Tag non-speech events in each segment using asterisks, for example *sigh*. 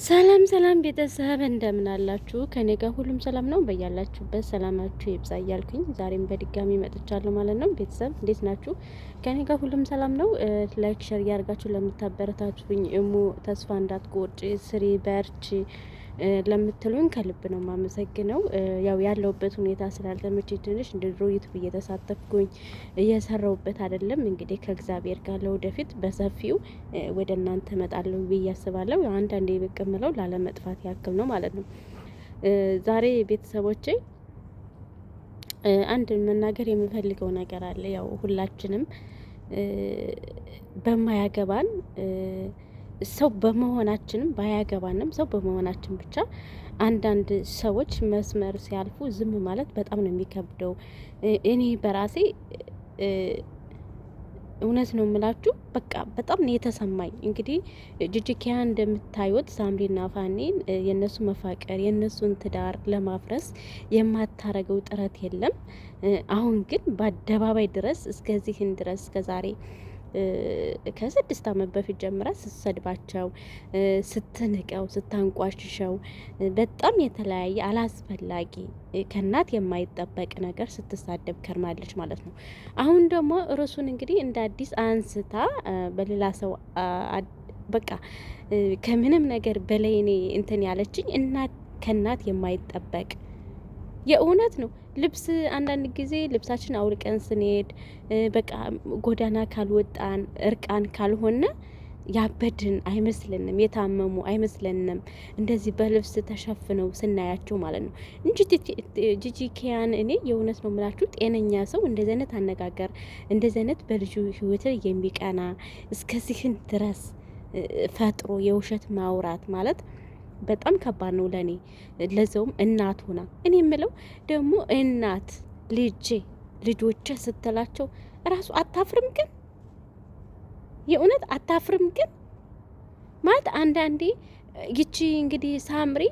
ሰላም ሰላም ቤተሰብ እንደምን አላችሁ? ከኔ ጋር ሁሉም ሰላም ነው። በያላችሁበት ሰላማችሁ ይብዛ እያልኩኝ ዛሬም በድጋሚ መጥቻለሁ ማለት ነው። ቤተሰብ እንዴት ናችሁ? ከኔ ጋር ሁሉም ሰላም ነው። ላይክ ሸር እያደርጋችሁ ለምታበረታችሁኝ እሙ ተስፋ እንዳትቆርጭ ስሪ በርች ለምትሉኝ ከልብ ነው የማመሰግነው። ያው ያለውበት ሁኔታ ስላልተመቼ ትንሽ እንደ ድሮ ዩቱብ እየተሳተፍኩኝ እየሰራውበት አይደለም። እንግዲህ ከእግዚአብሔር ጋር ለወደፊት በሰፊው ወደ እናንተ መጣለሁ ብዬ አስባለሁ። አንዳንዴ ብቅ ላለመጥፋት ያክል ነው ማለት ነው። ዛሬ ቤተሰቦቼ አንድ መናገር የምፈልገው ነገር አለ። ያው ሁላችንም በማያገባን ሰው በመሆናችንም ባያገባንም ሰው በመሆናችን ብቻ አንዳንድ ሰዎች መስመር ሲያልፉ ዝም ማለት በጣም ነው የሚከብደው። እኔ በራሴ እውነት ነው የምላችሁ፣ በቃ በጣም ነው የተሰማኝ። እንግዲህ ጅጅኪያ እንደምታዩት ሳምሪና ፋኒን የእነሱ መፋቀር የእነሱን ትዳር ለማፍረስ የማታረገው ጥረት የለም። አሁን ግን በአደባባይ ድረስ እስከዚህን ድረስ እስከዛሬ ከስድስት ዓመት በፊት ጀምራ ስትሰድባቸው፣ ስትንቀው፣ ስታንቋሽሸው በጣም የተለያየ አላስፈላጊ ከእናት የማይጠበቅ ነገር ስትሳደብ ከርማለች ማለት ነው። አሁን ደግሞ ርዕሱን እንግዲህ እንደ አዲስ አንስታ በሌላ ሰው በቃ ከምንም ነገር በላይ እኔ እንትን ያለችኝ እናት ከእናት የማይጠበቅ የእውነት ነው። ልብስ አንዳንድ ጊዜ ልብሳችን አውልቀን ስንሄድ በቃ ጎዳና ካልወጣን እርቃን ካልሆነ ያበድን አይመስለንም፣ የታመሙ አይመስለንም። እንደዚህ በልብስ ተሸፍነው ስናያቸው ማለት ነው እንጂ ጂጂኪያን እኔ የእውነት ነው የምላችሁ ጤነኛ ሰው እንደዚህ አይነት አነጋገር እንደዚህ አይነት በልጁ ሕይወት የሚቀና እስከዚህን ድረስ ፈጥሮ የውሸት ማውራት ማለት በጣም ከባድ ነው ለእኔ ለዛውም እናት ሆና እኔ የምለው ደግሞ እናት ልጄ ልጆቼ ስትላቸው እራሱ አታፍርም ግን የእውነት አታፍርም ግን ማለት አንዳንዴ ይቺ እንግዲህ ሳምሪ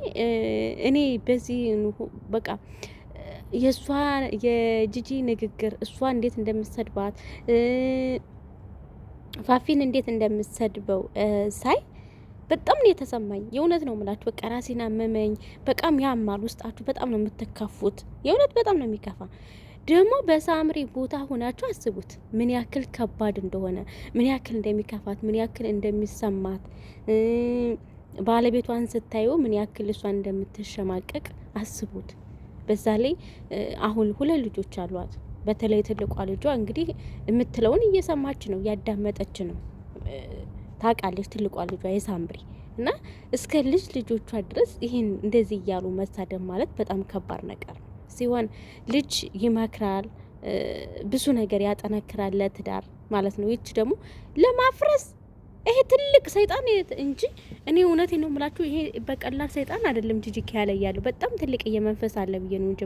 እኔ በዚህ በቃ የእሷ የጂጂ ንግግር እሷ እንዴት እንደምሰድባት ፋፊን እንዴት እንደምሰድበው ሳይ በጣም ነው የተሰማኝ። የእውነት ነው የምላችሁ። በቃ ራሴን አመመኝ። በቃም ያማል። ውስጣችሁ በጣም ነው የምትከፉት። የእውነት በጣም ነው የሚከፋ። ደግሞ በሳምሪ ቦታ ሆናችሁ አስቡት ምን ያክል ከባድ እንደሆነ፣ ምን ያክል እንደሚከፋት፣ ምን ያክል እንደሚሰማት ባለቤቷን ስታዩ ምን ያክል እሷን እንደምትሸማቀቅ አስቡት። በዛ ላይ አሁን ሁለት ልጆች አሏት። በተለይ ትልቋ ልጇ እንግዲህ የምትለውን እየሰማች ነው፣ እያዳመጠች ነው። ታውቃለች ትልቋ ልጇ የሳምሪ እና እስከ ልጅ ልጆቿ ድረስ ይህን እንደዚህ እያሉ መሳደብ ማለት በጣም ከባድ ነገር ሲሆን ልጅ ይመክራል፣ ብዙ ነገር ያጠነክራል ለትዳር ማለት ነው። ይች ደግሞ ለማፍረስ ይሄ ትልቅ ሰይጣን እንጂ እኔ እውነቴ ነው ምላችሁ፣ ይሄ በቀላል ሰይጣን አይደለም። ጂጂክ ያለ ያለው በጣም ትልቅ የመንፈስ አለ ብዬ ነው እንጂ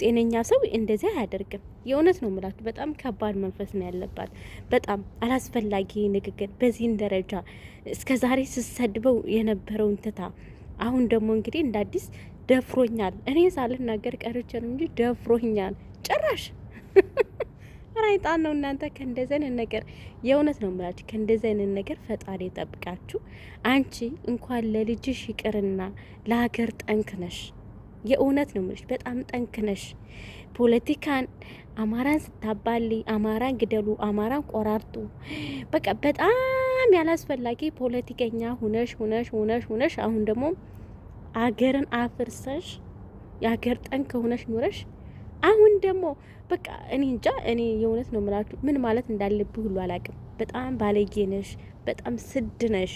ጤነኛ ሰው እንደዚያ አያደርግም። የእውነት ነው ምላችሁ፣ በጣም ከባድ መንፈስ ነው ያለባት። በጣም አላስፈላጊ ንግግር በዚህን ደረጃ እስከ ዛሬ ስሰድበው የነበረውን ትታ አሁን ደግሞ እንግዲህ እንደ አዲስ ደፍሮኛል። እኔ ሳልናገር ቀርቼ ነው እንጂ ደፍሮኛል ጭራሽ *laughs* ራይጣን ነው እናንተ ከእንደዚህ አይነት ነገር የእውነት ነው የምላችሁ። ከእንደዚህ አይነት ነገር ፈጣሪ ይጠብቃችሁ። አንቺ እንኳን ለልጅሽ ይቅርና ለሀገር ጠንክ ነሽ የእውነት ነው የምልሽ። በጣም ነሽ። ፖለቲካን አማራን ስታባሊ አማራን ግደሉ፣ አማራን ቆራርጡ፣ በቃ በጣም ያላስፈላጊ ፖለቲከኛ ሁነሽ ሁነሽ ሁነሽ ሁነሽ አሁን ደግሞ አገርን አፍርሰሽ የሀገር ጠንክ ሁነሽ ኑረሽ አሁን ደግሞ በቃ እኔ እንጃ እኔ የእውነት ነው የምላችሁ ምን ማለት እንዳለብህ ሁሉ አላውቅም። በጣም ባለጌ ነሽ፣ በጣም ስድ ነሽ።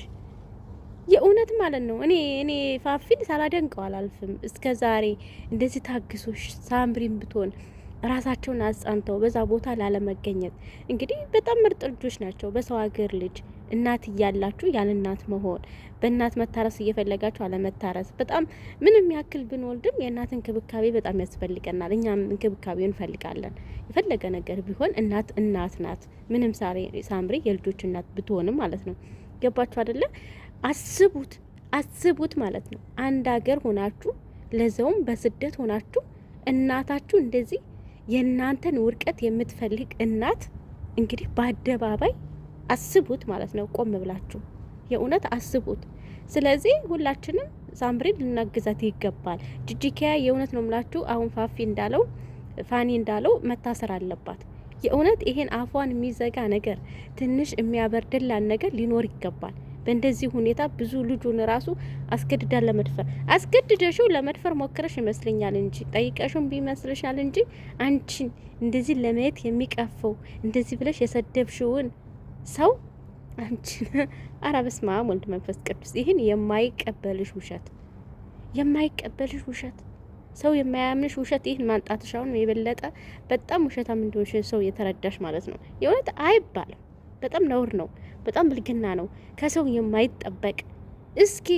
የእውነት ማለት ነው። እኔ እኔ ፋፊን ሳላደንቀው አላልፍም። እስከ ዛሬ እንደዚህ ታግሶሽ ሳምሪን ብትሆን ራሳቸውን አጻንተው በዛ ቦታ ላለመገኘት እንግዲህ በጣም ምርጥ ልጆች ናቸው። በሰው ሀገር ልጅ እናት እያላችሁ ያለ እናት መሆን፣ በእናት መታረስ እየፈለጋችሁ አለመታረስ። በጣም ምንም ያክል ብንወልድም የእናት እንክብካቤ በጣም ያስፈልገናል። እኛም እንክብካቤው እንፈልጋለን። የፈለገ ነገር ቢሆን እናት እናት ናት። ምንም ሳምሪ የልጆች እናት ብትሆንም ማለት ነው። ገባችሁ አደለ? አስቡት አስቡት ማለት ነው። አንድ ሀገር ሆናችሁ ለዛውም በስደት ሆናችሁ እናታችሁ እንደዚህ የእናንተን ውድቀት የምትፈልግ እናት እንግዲህ በአደባባይ አስቡት ማለት ነው። ቆም ብላችሁ የእውነት አስቡት። ስለዚህ ሁላችንም ሳምሪን ልናግዛት ይገባል። ጂጂኪያ የእውነት ነው ምላችሁ። አሁን ፋፊ እንዳለው ፋኒ እንዳለው መታሰር አለባት። የእውነት ይሄን አፏን የሚዘጋ ነገር ትንሽ የሚያበርድላን ነገር ሊኖር ይገባል። በእንደዚህ ሁኔታ ብዙ ልጁን ራሱ አስገድዳ ለመድፈር አስገድደሽው ለመድፈር ሞክረሽ ይመስለኛል እንጂ ጠይቀሽም ቢመስልሻል እንጂ አንቺን እንደዚህ ለማየት የሚቀፈው እንደዚህ ብለሽ የሰደብሽውን ሰው አንቺን ኧረ *laughs* በስመ አብ ወልድ መንፈስ ቅዱስ ይህን የማይቀበልሽ ውሸት የማይቀበልሽ ውሸት ሰው የማያምንሽ ውሸት ይህን ማንጣትሽ አሁን የበለጠ በጣም ውሸታም እንደሆንሽ ሰው የተረዳሽ ማለት ነው። የእውነት አይባልም። በጣም ነውር ነው። በጣም ብልግና ነው፣ ከሰው የማይጠበቅ እስኪ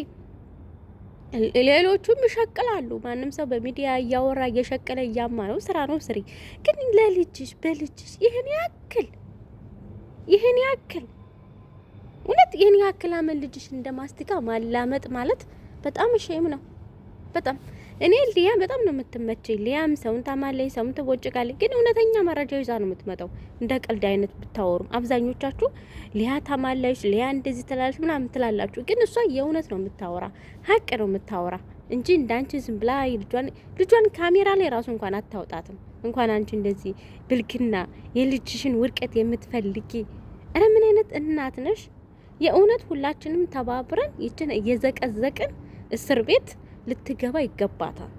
ሌሎቹም ይሸቅላሉ። ማንም ሰው በሚዲያ እያወራ እየሸቀለ እያማ ነው። ስራ ነው ስሪ። ግን ለልጅሽ በልጅሽ ይህን ያክል ይህን ያክል እውነት ይህን ያክል አመን ልጅሽ እንደ ማስቲካ ማላመጥ ማለት በጣም ሸይም ነው በጣም እኔ ሊያ በጣም ነው የምትመቸኝ። ሊያም ሰውን ታማለኝ፣ ሰውን ትቦጭቃለች፣ ግን እውነተኛ መረጃ ይዛ ነው የምትመጣው። እንደ ቀልድ አይነት ብታወሩም አብዛኞቻችሁ ሊያ ታማለች፣ ሊያ እንደዚህ ትላለች ምናምን ትላላችሁ፣ ግን እሷ የእውነት ነው የምታወራ፣ ሀቅ ነው የምታወራ እንጂ እንዳንቺ ዝም ብላ ልጇን ልጇን ካሜራ ላይ ራሱ እንኳን አታውጣትም። እንኳን አንቺ እንደዚህ ብልግና የልጅሽን ውድቀት የምትፈልጊ እረ ምን አይነት እናት ነሽ? የእውነት ሁላችንም ተባብረን ይችን እየዘቀዘቅን እስር ቤት ልትገባ ይገባታል።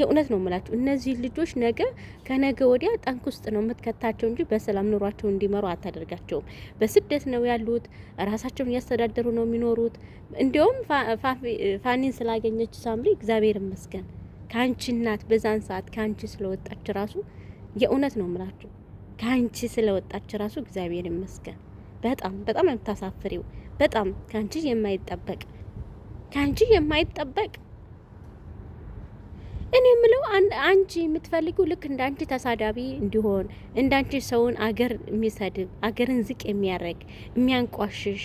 የእውነት ነው የምላችሁ እነዚህ ልጆች ነገ ከነገ ወዲያ ጠንክ ውስጥ ነው የምትከታቸው እንጂ በሰላም ኑሯቸው እንዲመሩ አታደርጋቸውም። በስደት ነው ያሉት፣ ራሳቸውን እያስተዳደሩ ነው የሚኖሩት። እንዲሁም ፋኒን ስላገኘች ሳምሪ እግዚአብሔር ይመስገን ከአንቺ እናት በዛን ሰዓት ከአንቺ ስለወጣች ራሱ የእውነት ነው ምላችሁ። ከአንቺ ስለወጣች ራሱ እግዚአብሔር ይመስገን። በጣም በጣም የምታሳፍሪው በጣም ከአንቺ የማይጠበቅ ከአንቺ የማይጠበቅ እኔ የምለው አንቺ የምትፈልጊው ልክ እንደ አንቺ ተሳዳቢ እንዲሆን እንደ አንቺ ሰውን አገር የሚሰድብ አገርን ዝቅ የሚያደርግ የሚያንቋሽሽ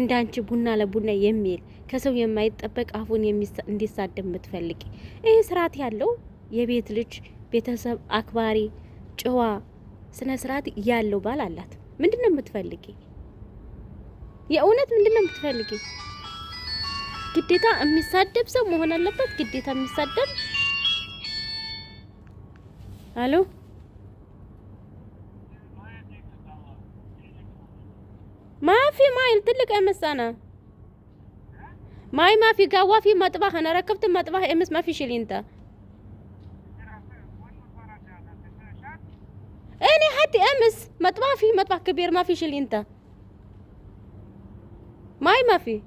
እንደ አንቺ ቡና ለቡና የሚል ከሰው የማይጠበቅ አፉን እንዲሳደብ የምትፈልጊ ይህ ስርዓት ያለው የቤት ልጅ ቤተሰብ አክባሪ ጨዋ ስነ ስርዓት ያለው ባል አላት። ምንድን ነው የምትፈልጊ? የእውነት ምንድን ነው የምትፈልጊ? ግዴታ የሚሳደብ ሰው መሆን አለበት። ግዴታ የሚሳደብ الو ما في ماي قلت لك امس انا ماي ما في قهوه في مطبخ انا ركبت المطبخ امس ما في شيء انت انا حتى امس مطبخ في مطبخ كبير ما في شيء انت ماي ما في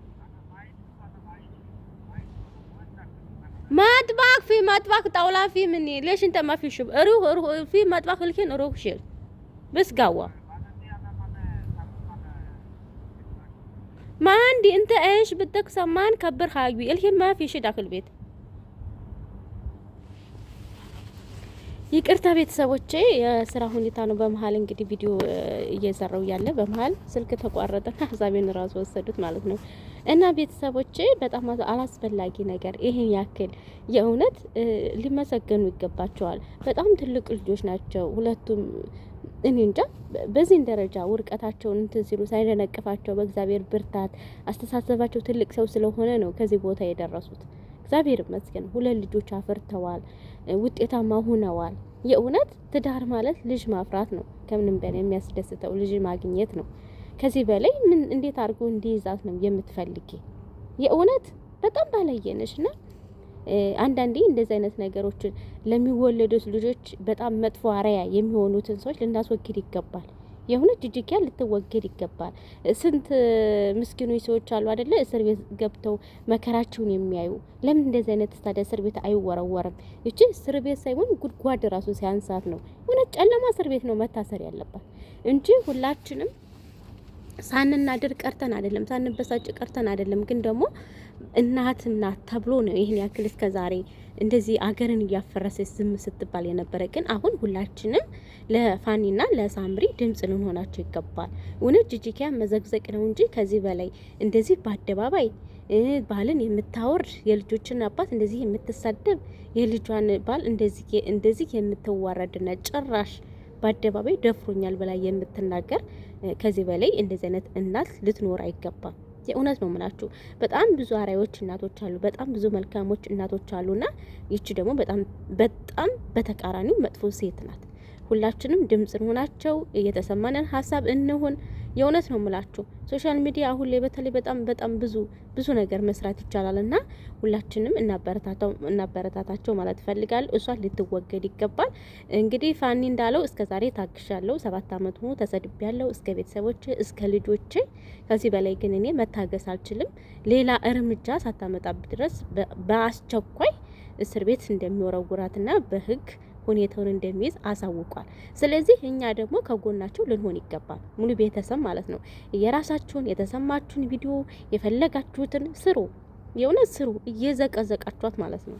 مطبخ في مطبخ طاولة في مني ليش انت ما في شب اروح اروح في مطبخ الحين اروح شيل بس قوة ما عندي انت ايش بدك سمان كبر حاجبي الحين ما في شي داخل البيت ይቅርታ ቤተሰቦቼ፣ የስራ ሁኔታ ነው። በመሀል እንግዲህ ቪዲዮ እየሰራው ያለ በመሀል ስልክ ተቋረጠና *laughs* ሀሳቤን ራሱ ወሰዱት ማለት ነው። እና ቤተሰቦቼ በጣም አላስፈላጊ ነገር ይህን ያክል የእውነት ሊመሰገኑ ይገባቸዋል። በጣም ትልቅ ልጆች ናቸው ሁለቱም። እኔ እንጃ በዚህን ደረጃ ውርቀታቸውን እንትን ሲሉ ሳይደነቅፋቸው በእግዚአብሔር ብርታት አስተሳሰባቸው ትልቅ ሰው ስለሆነ ነው ከዚህ ቦታ የደረሱት። እግዚአብሔር ይመስገን ሁለት ልጆች አፍርተዋል፣ ውጤታማ ሆነዋል። የእውነት ትዳር ማለት ልጅ ማፍራት ነው። ከምንም በላይ የሚያስደስተው ልጅ ማግኘት ነው። ከዚህ በላይ ምን እንዴት አድርጎ እንዲይዛት ነው የምትፈልጊ? የእውነት በጣም ባለየነሽ ና አንዳንዴ እንደዚህ አይነት ነገሮችን ለሚወለዱት ልጆች በጣም መጥፎ አርያ የሚሆኑትን ሰዎች ልናስወግድ ይገባል። የሆነ ጅጅጋ ልትወገድ ይገባል። ስንት ምስኪኖች ሰዎች አሉ አደለ? እስር ቤት ገብተው መከራቸውን የሚያዩ ለምን እንደዚህ አይነት ታዲያ እስር ቤት አይወረወርም? ይቺ እስር ቤት ሳይሆን ጉድጓድ ራሱ ሲያንሳት ነው። እውነት ጨለማ እስር ቤት ነው መታሰር ያለባት እንጂ ሁላችንም ሳንናደር ቀርተን አይደለም፣ ሳንበሳጭ ቀርተን አይደለም። ግን ደግሞ እናት እናት ተብሎ ነው ይህን ያክል እስከ ዛሬ እንደዚህ አገርን እያፈረሰች ዝም ስትባል የነበረ። ግን አሁን ሁላችንም ለፋኒና ለሳምሪ ድምጽ ልንሆናቸው ይገባል። እውነት ጂጂኪያ መዘግዘቅ ነው እንጂ ከዚህ በላይ እንደዚህ በአደባባይ ባልን የምታወርድ የልጆችን አባት እንደዚህ የምትሳደብ የልጇን ባል እንደዚህ የምትዋረድና ጭራሽ በአደባባይ ደፍሮኛል ብላ የምትናገር ከዚህ በላይ እንደዚህ አይነት እናት ልትኖር አይገባም። የእውነት ነው የምላችሁ። በጣም ብዙ አራዮች እናቶች አሉ። በጣም ብዙ መልካሞች እናቶች አሉና ይቺ ደግሞ በጣም በጣም በተቃራኒው መጥፎ ሴት ናት። ሁላችንም ድምፅ እንሆናቸው፣ እየተሰማንን ሀሳብ እንሁን። የእውነት ነው የምላችሁ። ሶሻል ሚዲያ አሁን ላይ በተለይ በጣም በጣም ብዙ ብዙ ነገር መስራት ይቻላል እና ሁላችንም እናበረታታቸው ማለት ይፈልጋል። እሷ ልትወገድ ይገባል። እንግዲህ ፋኒ እንዳለው እስከ ዛሬ ታግሻለሁ፣ ሰባት አመት ሆኖ ያለው እስከ ቤተሰቦች እስከ ልጆቼ። ከዚህ በላይ ግን እኔ መታገስ አልችልም። ሌላ እርምጃ ሳታመጣብ ድረስ በአስቸኳይ እስር ቤት እንደሚወረውራትና በህግ ሁኔታውን እንደሚይዝ አሳውቋል። ስለዚህ እኛ ደግሞ ከጎናቸው ልንሆን ይገባል። ሙሉ ቤተሰብ ማለት ነው። የራሳችሁን የተሰማችሁን ቪዲዮ የፈለጋችሁትን ስሩ፣ የእውነት ስሩ፣ እየዘቀዘቃችኋት ማለት ነው።